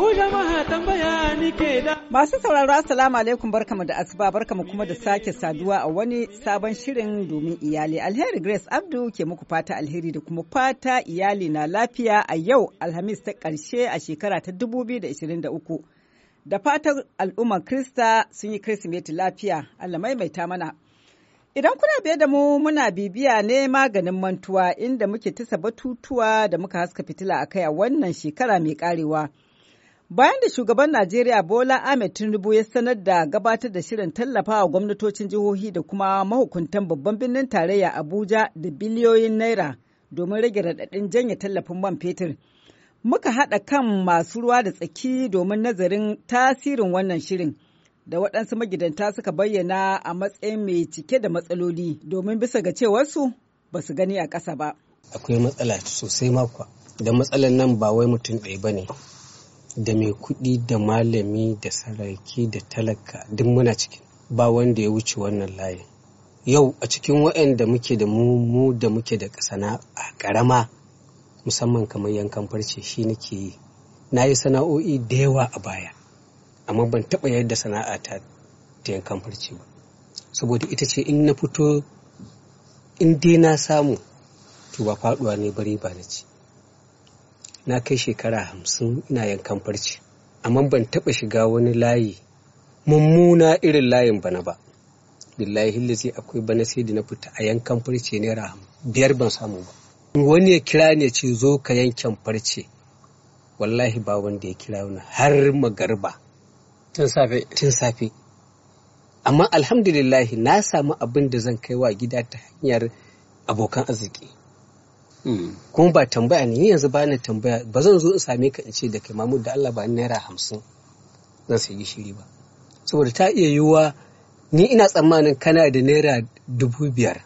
Ku Masu sauraro Assalamu alaikum barkamu da asuba barkamu kuma da sake saduwa a wani sabon shirin domin iyali. Alheri Grace Abdu ke muku fata alheri da kuma fata iyali na lafiya a yau Alhamis ta karshe a shekara ta 2023. Da fatan al'ummar Krista sun yi Kirsimeti lafiya, Allah maimaita mana. Idan kuna biye da mu muna bibiya ne maganin mantuwa inda muke tasa batutuwa da muka haska fitila a kai a wannan shekara mai karewa. Bayan da shugaban Najeriya Bola Ahmed Tinubu ya sanar da gabatar da shirin tallafawa gwamnatocin jihohi da kuma mahukuntan babban birnin tarayya Abuja da biliyoyin naira domin rage raɗaɗin janya tallafin man fetur. Muka haɗa kan masu ruwa da tsaki domin nazarin tasirin wannan shirin da waɗansu magidanta suka bayyana a matsayin mai cike da matsaloli domin bisa ga cewarsu ba su gani a ƙasa ba. Akwai matsala sosai makwa, da matsalar nan ba wai mutum ɗaya ba ne. da mai kuɗi da malami da saraki da talaka duk muna cikin ba wanda ya wuce wannan layin yau a cikin waɗanda muke da mu da muke da kasana a ƙarama musamman kamar yankan farce shi nake yi na yi sana'o'i da yawa a baya amma ban taɓa yadda sana'a ta ta yankan farce ba saboda ita ce in na fito in dai na samu to ba faɗuwa ne bari ba na ci na kai shekara hamsin ina yankan farci amma ban taba shiga wani layi mummuna irin layin bana ba billahi zai akwai bana sai da na fita a yankan farce naira biyar ban samu ba wani ya kira ne ce zo ka yankan farce wallahi ba wanda ya kira wani har magarba tun safe tun safe amma alhamdulillahi na samu abin da zan kai wa gida ta hanyar abokan arziki kuma ba tambaya ne yanzu ba ni tambaya ba zan zo in same ka in ce da kai mamud da Allah ba ni naira hamsin zan sayi gishiri ba saboda ta iya yiwuwa ni ina tsammanin kana da naira dubu biyar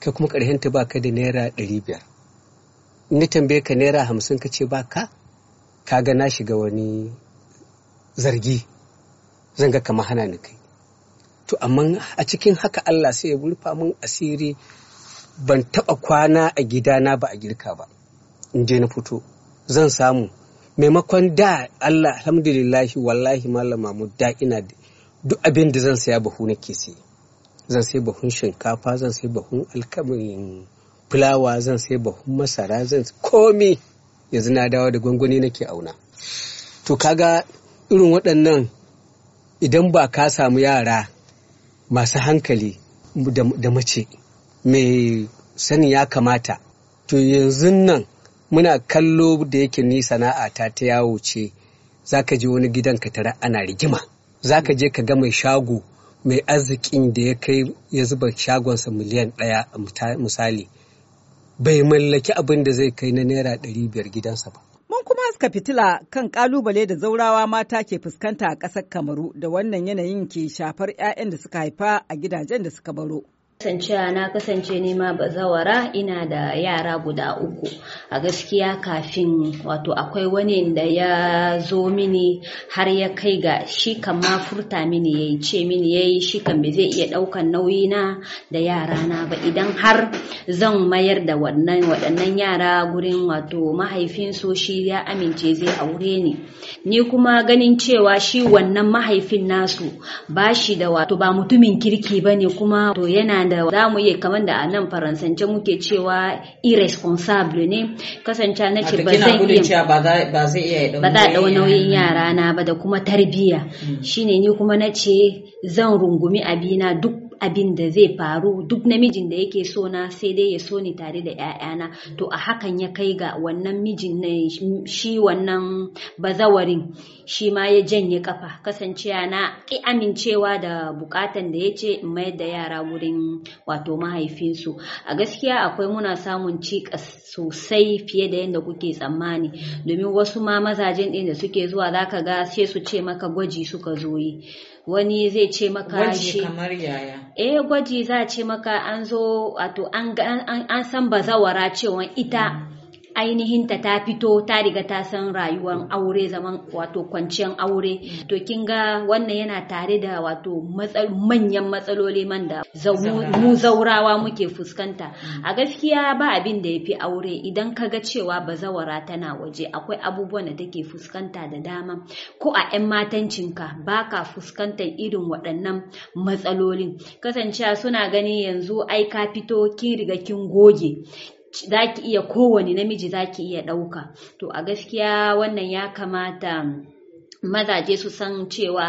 kai kuma ta ba ka da naira ɗari biyar in tambaye ka naira hamsin ka ce ba ka ka ga na shiga wani zargi zan ga kamar hana ni kai to amma a cikin haka Allah sai ya rufa min asiri ban taɓa kwana a gidana ba a girka ba in je na fito zan samu maimakon da Allah alhamdulillahi wallahi malam Mahmud da ina duk abin da zan saya bahu nake sai zan sai bahun shinkafa zan sai bahun alkamin fulawa zan sai bahun masara zan komi yanzu na dawo da gwangwani nake auna to kaga irin waɗannan idan ba ka samu yara masu hankali da mace mai sani ya kamata to yanzu nan muna kallo da yake ni sana'a ta yawo ce za ka je wani gidan ka tara ana rigima za ka je ka ga mai shago mai arzikin da ya kai ya zuba shagonsa miliyan ɗaya misali bai mallaki abin da zai kai na naira ɗari biyar gidansa ba mun kuma suka fitila kan ƙalubale da zaurawa mata ke fuskanta a ƙasar kamaru da wannan yanayin ke shafar 'ya'yan da suka haifa a gidajen da suka baro kasance na kasance nema bazawara ina da yara guda uku a gaskiya kafin wato akwai wani da ya zo mini har ya kai ga shi kan ma furta mini ya ce mini ya yi shi kan zai iya daukan nauyi na da yara na ba idan har zan mayar da waɗannan yara gurin wato mahaifin so shi ya amince zai aure ni ni kuma ganin cewa shi wannan mahaifin nasu ba shi da wato ba mutumin kirki ba ne kuma to yana da za mu iya kamar da a nan faransance muke cewa irresponsable ne kasance na ce ba zan iya ba za a nauyin yara na ba da kuma tarbiyya hmm. shine ni kuma na ce zan rungumi abina duk abin da zai faru duk namijin da yake so na sai dai ya so ni tare da 'ya'yana to a hakan ya kai ga wannan mijin shi wannan bazawarin shi ma ya janye kafa kasancewa na ki amincewa da bukatan da ya ce in mayar da yara wurin wato mahaifinsu a gaskiya akwai muna samun cikas sosai fiye da yadda kuke tsammani domin wasu ma mazajen ɗin da suke zuwa zaka ga sai su ce maka gwaji suka zo yi wani zai ce maka shi kamar eh, gwaji za a ce maka an zo wato an san bazawara cewa ita mm. ainihin ta ta fito ta riga ta san rayuwar mm. aure zaman wato kwanciyar aure mm. to kin ga wannan yana tare da wato manyan matsaloli man da mu zaurawa muke fuskanta mm. a gaskiya ba abin da yafi aure idan ka ga cewa bazawara tana waje akwai abubuwan da take fuskanta da dama ko a 'yan matancinka ba ka fuskantar irin waɗannan matsalolin kasancewa suna gani yanzu ai ka fito kin riga kin goge za ki iya kowane namiji za ki iya ɗauka to a gaskiya wannan ya kamata mazaje su san cewa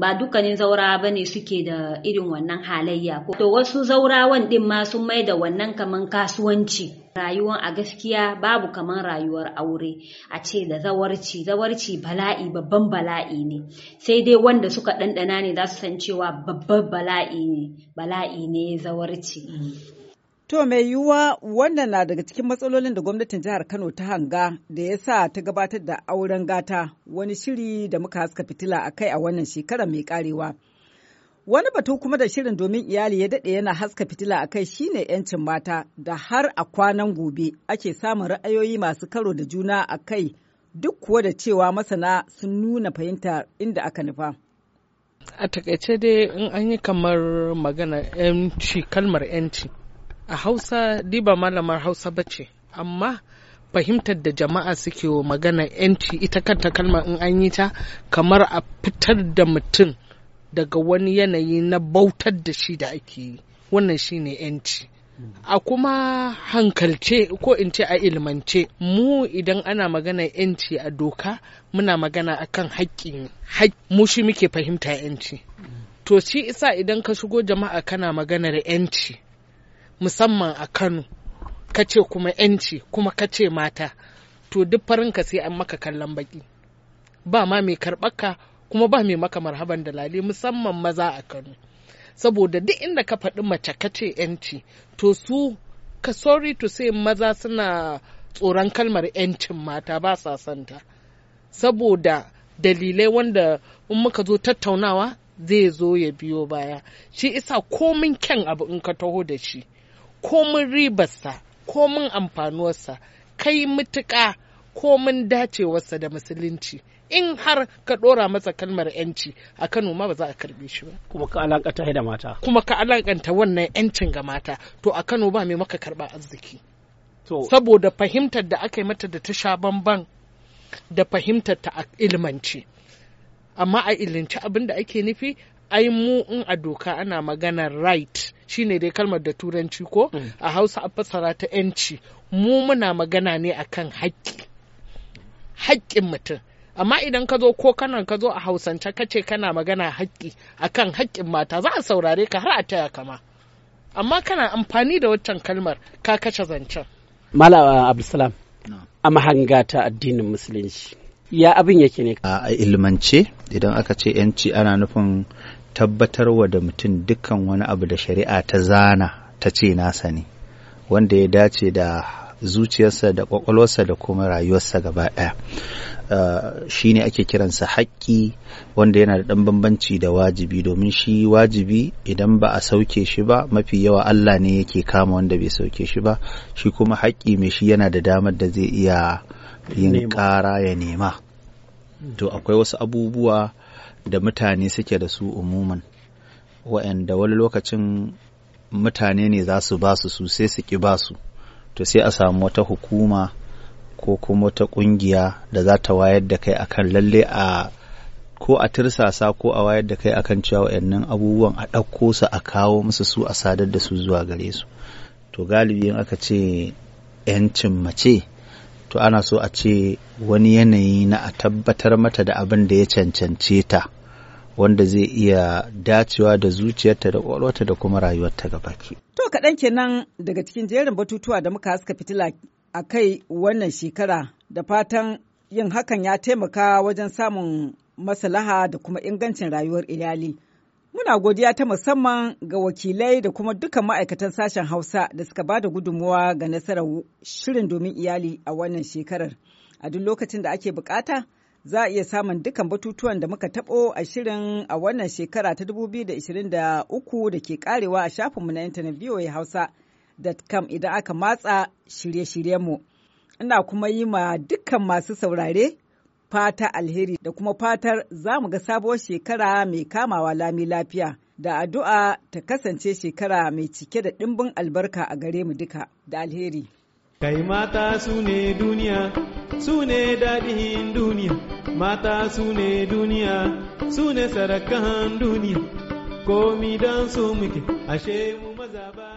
ba dukkanin zaura ba ne suke da irin wannan halayya to wasu zaurawan ɗin ma sun mai da wannan kaman kasuwanci rayuwan a gaskiya babu kaman rayuwar aure a ce da zawarci zawarci bala'i babban bala'i ne sai dai wanda suka ɗanɗana ne za su san cewa babban bala'i ne bala'i ne zawarci mm. To mai yiwuwa wannan na daga cikin matsalolin da gwamnatin jihar Kano ta hanga da ya sa ta gabatar da auren gata wani shiri da muka haska fitila a kai a wannan shekarar mai karewa. Wani batu kuma da shirin domin iyali ya daɗe yana haska fitila a kai shine 'yancin mata da har a kwanan gobe ake samun ra'ayoyi masu karo da juna a kai duk kuwa da cewa masana sun nuna fahimta inda aka nufa. A takaice dai in an yi kamar magana 'yanci kalmar 'yanci. a hausa diba malamar hausa ba ce, amma fahimtar da jama'a suke wa magana yanci ita kanta kalma in an yi ta kamar a fitar da mutum daga wani yanayi na bautar da shi da ake yi wannan shi ne yanci a kuma hankalce ko in ce a ilmance mu idan ana magana yanci a doka muna magana akan haƙƙin mu shi muke fahimta yanci to shi isa idan ka shigo jama'a kana maganar yanci musamman a kano ka ce kuma yanci kuma ka ce mata to duk farin ka sai an maka kallon baki ba ma mai karɓarka kuma ba mai maka marhaban da lale musamman maza a kano saboda duk inda ka faɗi mace ka ce yanci to su ka sorry to say maza suna tsoron kalmar yancin mata ba sa santa saboda dalilai wanda in muka zo tattaunawa zai zo ya biyo baya shi isa komin kyan abu in ka taho da shi komin ribarsa komin amfanuwarsa kai mutuƙa komin dacewarsa da musulunci in har ka ɗora masa kalmar yanci a Kano ma ba za a karbe shi ba kuma ka alaƙanta da mata kuma ka alaƙanta wannan yancin ga mata to a Kano ba mai maka karɓa arziki to saboda fahimtar da aka yi mata da ta sha bamban da fahimtar ta a ilmance amma a ilinci abin da ake nufi ai mu in a doka ana maganar right shine dai kalmar da turanci ko mm. a hausa a fassara ta 'yanci mu muna magana ne akan haƙƙi haƙƙin mutum amma idan ka zo ko kanan ka zo a hausance ka ce kana magana haƙƙi akan haƙƙin mata za a saurare ka har a taya kama amma kana amfani da waccan kalmar ka kashe zancen malawa uh, abdulsalam a mahanga ta addinin musulunci ya abin yake ne a ilmance idan aka ce yanci ana nufin tabbatar wa da mutum dukkan wani abu da shari'a ta zana ta ce nasa ne wanda ya dace da zuciyarsa da kwakwalwarsa da kuma rayuwarsa gaba ɗaya uh, shi ne ake kiransa haƙƙi wanda yana da ɗan bambanci da wajibi domin shi wajibi idan ba a sauke shi ba mafi yawa Allah ne yake kama wanda bai sauke shi ba shi kuma haƙƙi mai shi yana da damar da zai iya yin ƙara ya nema to akwai wasu abubuwa da mutane suke da su umuman wa'anda wani lokacin mutane ne za su ba su su sai su ƙi ba su to sai a samu wata hukuma ko kuma wata ƙungiya da za ta wayar da kai akan lalle a ko a tirsasa ko a wayar da kai akan cewa wa'annan abubuwan a ɗauko su a kawo musu su a sadar da su zuwa gare su to galibi in aka ce 'yancin mace to ana so a ce wani yanayi na a tabbatar mata da abin da ya cancance ta wanda zai iya dacewa da zuciyarta da ƙwaƙwalwarta da kuma rayuwarta baki. To kaɗan kenan daga cikin jerin batutuwa da muka haska fitila a kai wannan shekara da fatan yin hakan ya taimaka wajen samun maslaha da kuma ingancin rayuwar iyali. Muna godiya ta musamman ga wakilai da kuma duka ma'aikatan sashen Hausa da suka ba da gudunmuwa ga nasarar shirin domin iyali a wannan shekarar. A duk lokacin da ake bukata, za a iya samun dukan batutuwan da muka tabo a shirin a wannan shekara ta 2023 da ke karewa a shafinmu na intanet Hausa.com idan aka matsa shirye-shiryenmu. Ina kuma yi ma dukkan masu saurare fata alheri da kuma fatar za mu ga sabuwar shekara mai kamawa lami lafiya. Da addu'a ta kasance shekara mai cike da ɗimbin albarka a gare mu duka da alheri. Kai mata su ne duniya, su ne daɗin duniya, mata su ne duniya, su ne sarakan duniya, komi don su muke, ashe mu maza ba.